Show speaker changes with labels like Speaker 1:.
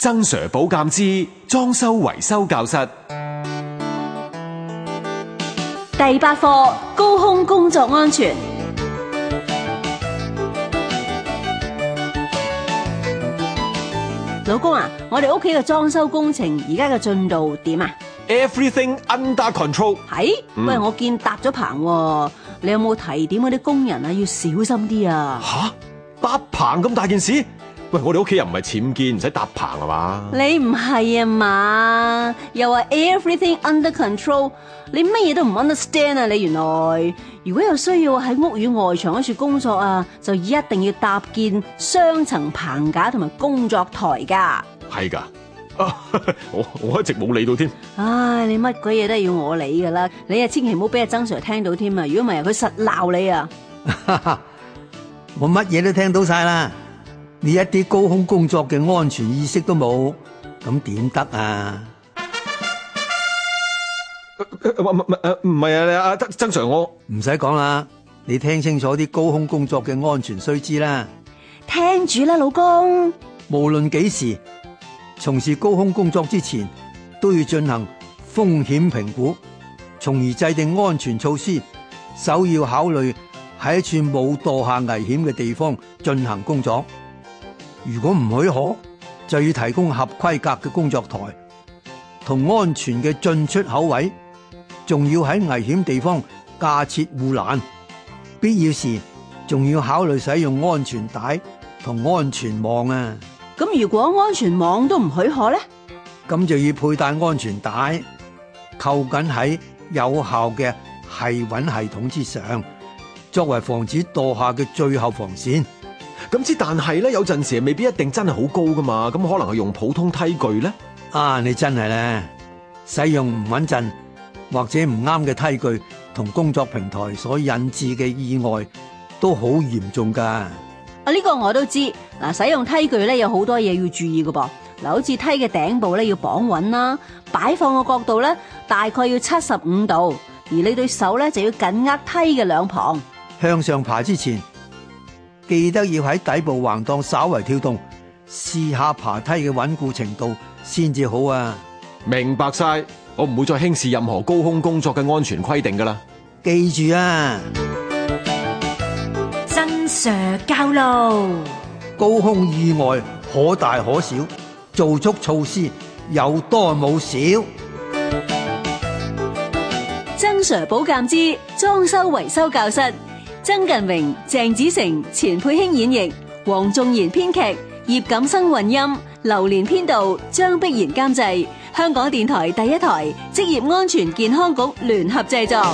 Speaker 1: 曾 sir 寶鑑之裝修維修教室
Speaker 2: 第八課高空工作安全。老公啊，我哋屋企嘅裝修工程而家嘅進度點啊？Everything under control。係、嗯，不過我見搭咗棚啊，你有冇提點嗰啲工人啊？要小心啲啊！吓，
Speaker 1: 搭棚咁大件事。喂，我哋屋企又唔係僭建，唔使搭棚係嘛？
Speaker 2: 你唔係啊嘛？又話 everything under control，你乜嘢都唔 understand 啊？你原來如果有需要喺屋宇外牆嗰處工作啊，就一定要搭建雙層棚架同埋工作台噶。
Speaker 1: 係噶，啊，我我一直冇理到添。
Speaker 2: 唉，你乜鬼嘢都要我理噶啦？你啊，千祈唔好俾阿曾 Sir 聽到添啊！如果唔係，佢實鬧你啊！
Speaker 1: 我乜嘢都聽到晒啦。你一啲高空工作嘅安全意識都冇，咁點得啊？唔唔唔唔係啊！阿阿曾 Sir 我唔使講啦，你聽清楚啲高空工作嘅安全須知啦。聽住啦，老公。無論幾時從事高空工作之前，都要進行風險評估，從而制定安全措施。首要考慮喺一處冇墮下危險嘅地方進行工作。如果唔許可，就要提供合規格嘅工作台同安全嘅進出口位，仲要喺危險地方架設護欄，必要時仲要考慮使用安全帶同安全網啊。咁如果安全網都唔許可咧？咁就要佩戴安全帶，扣緊喺有效嘅繫穩系統之上，作為防止墮下嘅最後防線。咁之，但係咧，有陣時未必一定真係好高噶嘛，咁可能係用普通梯具咧。啊，你真係咧，使用唔穩陣或者唔啱嘅梯具同工作平台所引致嘅意外都好嚴重噶。啊，
Speaker 2: 呢個我都知。嗱，使用梯具咧，有好多嘢要注意噶噃。嗱，好似梯嘅頂部咧要綁穩啦，擺放嘅角度咧大概要七十五度，而你對手咧就要緊握梯嘅兩旁，
Speaker 1: 向上爬之前。記得要喺底部橫檔稍微跳動，試下爬梯嘅穩固程度先至好啊！明白晒，我唔會再輕視任何高空工作嘅安全規定㗎喇。記住啊，曾 Sir 教路，高空意外可大可小，做足措施有多冇少。
Speaker 2: 曾 Sir 寶鑑之裝修維修教室。曾近榮、鄭子誠、錢佩卿演繹，黃仲賢編劇，葉錦生混音，劉連編導，張碧然監製，香港電台第一台職業安全健康局聯合製作。